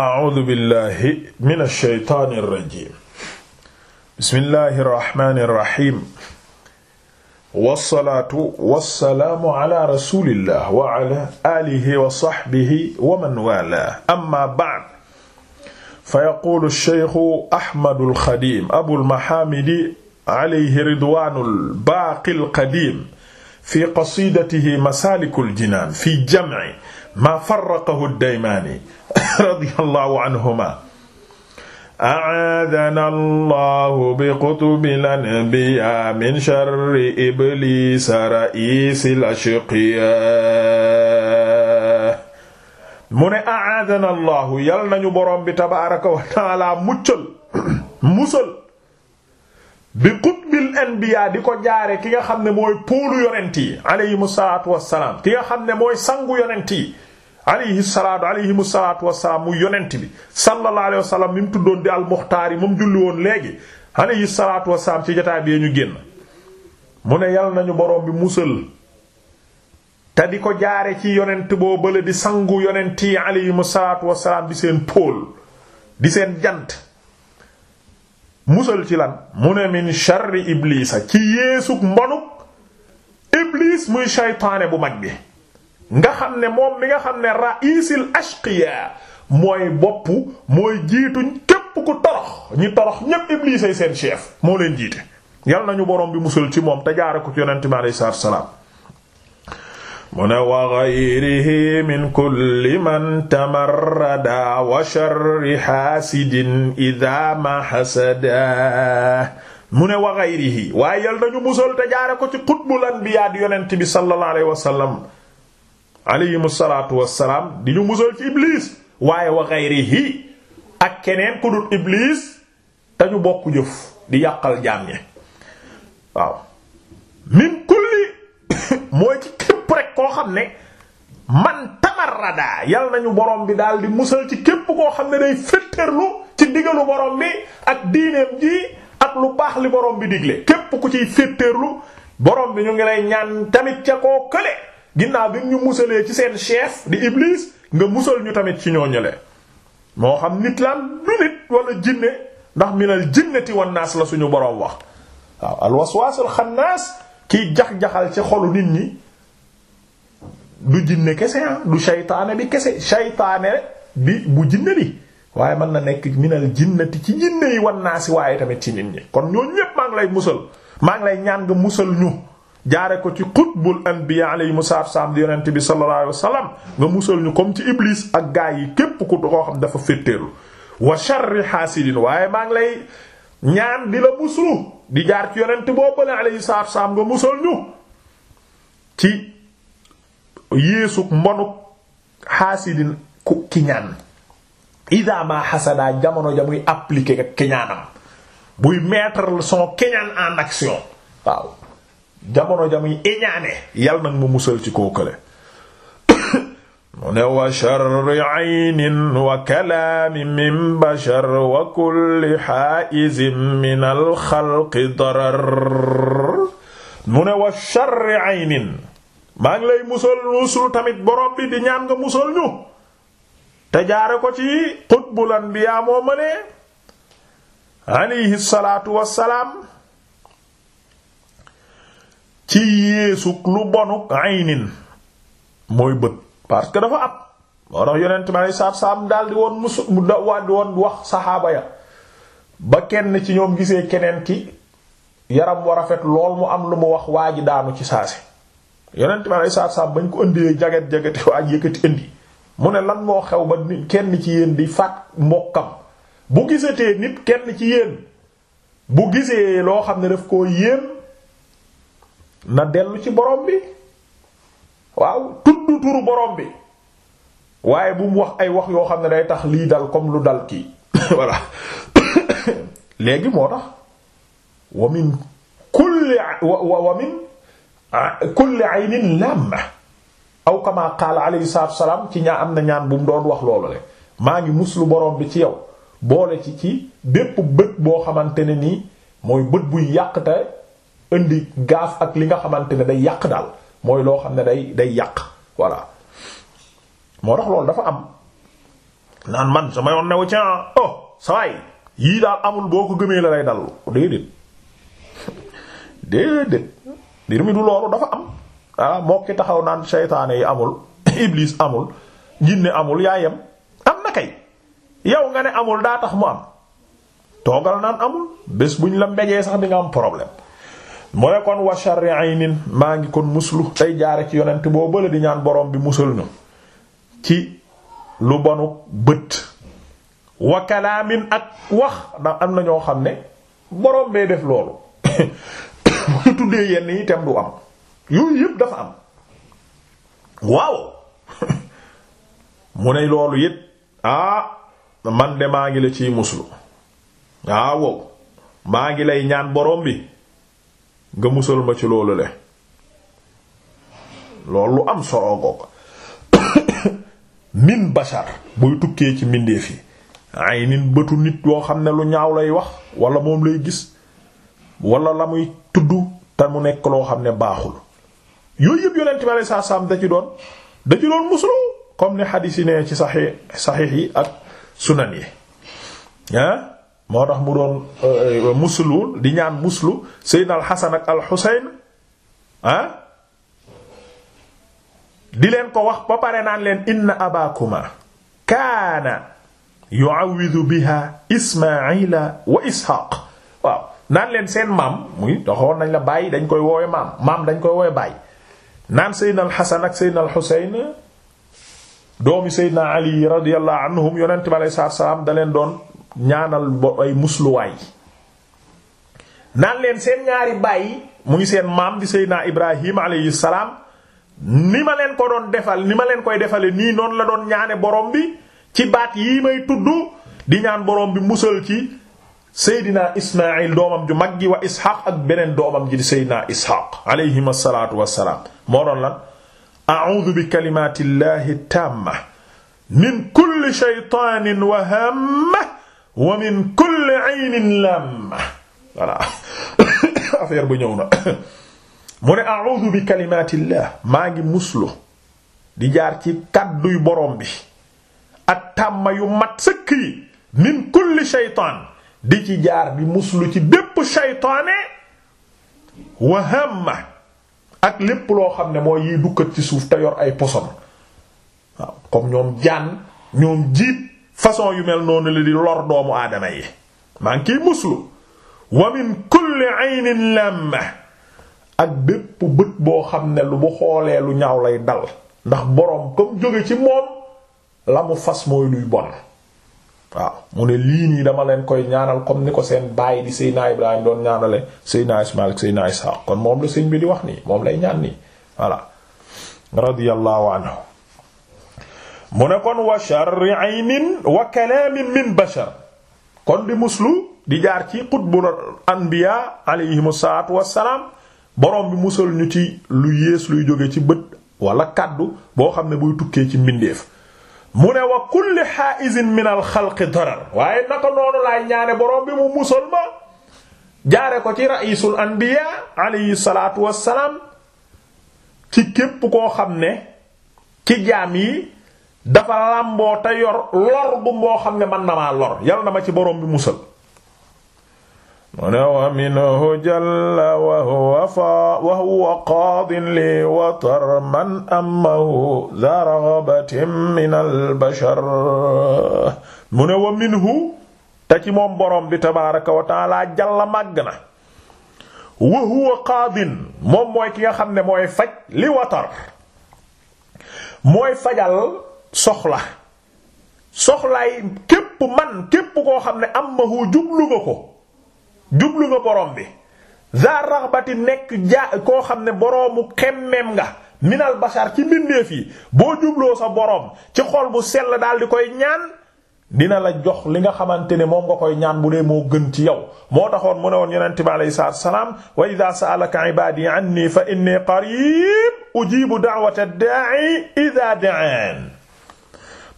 a'uudu billahi mina shaytaani rajiim bismillahi rahmaani rahiim wasalaatu wasalaamu ala rasulillah wa ala alihi wa sahbihi wa man waalaahu amma ba'd fa yaquulu sheykhu Ahmadul Xadiim Abul Mahaamidi alayhi ridwaanul baaqil qadiim fi qasiidatihi masaalikul jinaan fi jam'i maa farraqahu ad-Daymaani radiyallahu anhuma a'aadana allahu bi qutbil anbiyaa min sharri ibliisa ra'iisil ashqiyaa mu ne a'aadana allahu yal nañu boroom bi tabaaraka wa ta'aala muccal musal bi qut fil di ko jaare ki nga xam ne mooy póolu yonent yi alayhimu salaatu wassalaam ki nga xam ne mooy sangu yonent yi alayhi salaatu alayhimu salaatu wassalaam mu yonent bi sallallahu alayhi wasallam mi mu tuddoon di almuxtaar yi moom julli woon léegi alayhi salaatu wassalaam ci jotaay bi ñu génn mu ne yal nañu borom bi musal te di ko jaare ci yonent boo bële di sangu yonent yi alayhimu salaatu wassalaam di seen póol di seen jant musal ci lan mu ne min sharri iblisa ci yeesug mbonuk iblis muy shaytaane bu mag bi nga xam ne moom mi nga xam ne ra'isil ashqiya mooy bopp mooy jiitu képp ku torox ñi torox ñépp iblis ay seen chef moo leen jiite yal nañu borom bi musal ci moom te jaare ko ci yonente bi alayhi salaam mu ne wa gayrihi min kulli man tamarrada wa sharri xaasidin ida ma xasada mu ne wa gayrihi waaye yal nañu musal te jaare ko ci xutbul anbiyaa di yonent bi sallallahu alayhi wa sallam alayhim salaatu wassalaam di ñu musal ci iblis waaye wa gayrihi ak keneen ku dul iblis te ñu bokk jëf di yàqal jaam ñi waaw min kulli mooy ci képp rek koo xam ne man tamarrada yal nañu borom bi daal di musal ci képp koo xam ne day féttarlu ci digalu borom bi ak diineem ji ak lu baax li borom bi digle képp ku ciy féttarlu borom bi ñu ngi lay ñaan tamit ca koo kële ginnaaw bi ñu musalee ci seen chef di Iblis nga musal ñu tamit ci ñoo ñële moo xam nit lan du nit wala jinne ndax minal jinnati wan naas la suñu borom wax waaw al xannaas kiy jax-jaxal ci xolu nit ñi du jinne kese ah du shaytaane bi kese shaytaane bi bu jinne bi waaye man na nekk minal jinnati ci jinne yi wan naa si waaye tamit ci nit ñi kon ñooñu ñépp maa ngi lay musal maa ngi lay ñaan nga musal jaare ko ci xutbul anbiya alayhimu salaam di yonent bi sallallahu alayhi wasallam nga musal ñu comme ci iblis ak gaa yi képp ku koo xam dafa féttéerlu wa sharri hasidin waaye maa ngi lay ñaan di la muslu di jaar ci yonent boobale alayhi salaam nga musal ñu ci yéesug mbonuk xaasidin ku kiñaan ida ma xasadaa jamono ja muy appliquer ak kiñaanam buy mettre son kiñaan en action waaw jamono ja muy iñaane yal nag mu musal ci koo kële mu ne wa sharri aynin wa kalaami min bashar wa kulli xaizin min alxalqi darar mu ne wa sharri aynin maa ngi lay musal muslu tamit borom bi di ñaan nga musal ñu te jaare ko ci xutbul anbiyaa moo ma ne alayhi salaatu wassalaam ci yéesuk lu bonuk aynin mooy bët parce que dafa at moo tax yonent ma ne saab saab daldi woon musu mu da wàddi woon wax saxaaba ya ba kenn ci ñoom gisee keneen ki yaram wa rafet lool mu am lu mu wax waa ji daanu ci saa si yonent bi aleyhi salaatu salaam bañ ko ëndee jaget jagete waa yëkkati indi mu ne lan moo xew ba kenn ci yéen di faat mbokkam bu gisatee nit kenn ci yéen bu gisee loo xam ne daf koo yéem na dellu ci borom bi waaw tudd turu borom bi waaye bu mu wax ay wax yoo xam ne day tax lii dal comme lu dal kii voilà léegi moo tax wa min kulli wa wa min kulli ay lamma aw kama qaala alayhi salaatu ci ñaa am na ñaan bu mu doon wax loolu le maa ngi muslu borom bi ci yow boole ci ci bépp bët boo xamante ne nii mooy bët buy yàq te indi gaaf ak li nga xamante ne day yàq daal mooy loo xam ne day day yàq voilà moo tax loolu dafa am naan man sama yoon newu ci ah, oh sawaay yii daal amul boo ko gëmee la lay dal déedéet déedéet mbir mi du loolu dafa am ah mokki taxaw naan seytaane yi amul ibliis amul jinne amul yaayam am na kay yow nga ne amul daa tax mu am toogal naan amul bés buñ la mbejee sax di nga am problème mu ne kon wa sharri aynin maa ngi kon muslu tey jaare ci yonent boo bële di ñaan boroom bi musal na ci lu bonu bët wa kalaamin ak wax ndax am na ñoo xam ne borom bee def loolu bu ñu tuddee yenn yi itam du am yooyu yëpp dafa am waaw mu ne loolu it ah man de maa ngi la ciy muslu waawo ah, maa ngi lay ñaan borom bi nga musal ma ci loolu le loolu am solo goog min bashar buy tukkee ci mbindeef yi ay nin bëtu nit yoo xam ne lu ñaaw lay wax wala moom lay gis wala la muy tudd te mu nekk loo xam ne baaxul yooyu yëpp yonent bi alayhi salaam da ci doon da ci doon muslu comme ni xadiis yi ne ci saxi saxiix yi ak sunan yi ah moo tax mu doon euh, muslu di ñaan muslu Seydina al Xasan al Xuseyn ah di leen ko wax ba pare naan leen inna abaakuma kaana yu'awwidu biha Ismaayila wa Isxaaq waaw naan leen seen maam muy taxoon nañ la bàyyi dañ koy woowe maam maam dañ koy woowe bàyyi naan Seydina al Xasan ak Seydina al doomi Seydina Ali radiyallahu anhum yonent bi alayhi salaatu salaam daleen doon ñaanal bo ay musluwaay naan leen seen ñaari bàyyi muy seen maam di Seydina Ibrahim alayhi salaam ni ma leen ko doon defal ni ma leen koy defale nii noonu la doon ñaane borom bi ci baat yi may tudd di ñaan borom bi musal ci seydina ismail doomam ju mag ji wa isxaq ak beneen doomam ji di seydina isxaq alayhim asalaatu wassalaam moo doon lan a'udhu bi kalimati llahi tamma min kulli shaytanin wa hamma wa min kulli aynin lamma voilà affaire bu ñëw na mu ne a'udhu bi kalimati llah maa ngi muslu di jaar ci kadduy boroom bi at tàmma yu mat sëkk yi min kulli shaytaan di ci jaar bi muslu ci bépp shaytaane wa ma ak lépp loo xam ne mooy yiy dukkat ci suuf te yor ay poson waaw comme ñoom jaan ñoom jiit façon yu mel noonu la di lor doomu aadama yi maa ngi kiy muslu wa min kulli aynin lamma ak bépp bët boo xam ne lu bu xoolee lu ñaaw lay dal ndax boroom comme jóge ci moom la mu fas mooy luy bon waaw mu ne lii nii dama leen koy ñaanal comme ni ko seen baay di Seydina Ibrahim doon ñaanale Seydina Ismaïl ak Seydina kon moom la sëñ bi di wax nii moom lay ñaan nii voilà radiyallahu anhu mu ne kon wa sharri aynin wa kalaamin min bashar kon di muslu di jaar ci qutbul anbiya alayhimu salaatu wassalaam borom bi musal ñu ci lu yées luy jóge ci bët walla kàddu boo xam ne buy tukkee ci mbindeef mu ne wa kulli xaa'isin min al darar waaye naka noonu laay ñaane borom bi mu musal ma jaare ko ci ra'isul anbiya alayhi salaatu ci képp koo xam ne ci jaam yi dafa làmboo te yor lor bu moo xam ne man na maa lor yal na ma ci borom bi musal mu ne wa minhu jalla wa huwa fa wa huwa qaadin li watar man amahu za raghabatin min albashar mu ne wa minhu te ci moom borom bi tabaaraka wa taala jalla màgg na wa huwa qaadin moom mooy ki nga xam ne mooy faj li watar mooy fajal soxla soxlaay képp man képp koo xam ne amahu jublu nga ko jublu nga borom bi za raxbati nekk ja koo xam ne boroomu xemmem nga minal bashar ci mbindeef yi boo jubloo sa borom ci xool bu sell daal di koy ñaan dina la jox li nga xamante ne moom nga koy ñaan bu dee moo gën ci yow moo taxoon mu ne woon yonente bi alayhi salaatu wasalaam wa idha sa'alaka ibadi anni fa inni qarib ujibu da'wata da'i idha da'an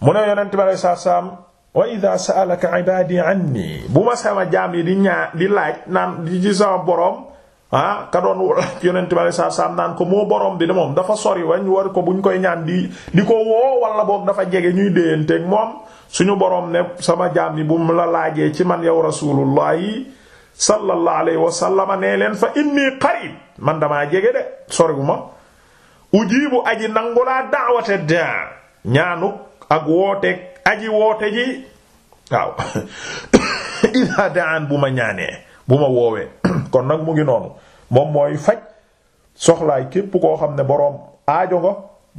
mu ne yonente bi alayhi salaatu wasalaam wa idha sa'alaka ibadi anni bu ma sama jaam di ñaa di laaj naan di ci sama boroom ah ka doon yonent bi alei satu naan ko moo boroom bi de moom dafa sori wañ war ko bu buñ koy ñaan di di ko woo walla boog dafa jege ñuy déyanteeg moom suñu boroom ne sama jaam yi bu mu la laajee ci man yow rasulullahi sallallahu alayhi wa sallama nee leen fa inni qarib man damaa jege de sori bu ma ujibu aji nangulaa daawate da ñaanu ak wooteeg aji woote ji waaw daan bu ma ñaanee bu ma woowee kon nag mu ngi noonu moom mooy faj soxlaay képp koo xam ne borom aajo nga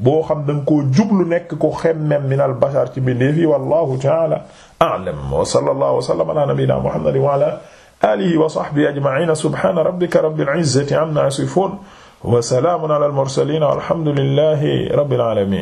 boo xam danga koo jublu nekk ko xemmem minal bashar ci bindéef yi wallahu ta'ala a'lam wa sallallahu wa sallama ala nabiyyina muhammadin wa ala alihi wa sahbihi ajma'in subhana rabbika rabbil izzati amma yasifun wa salamun ala al mursalin walhamdulillahi rabbil alamin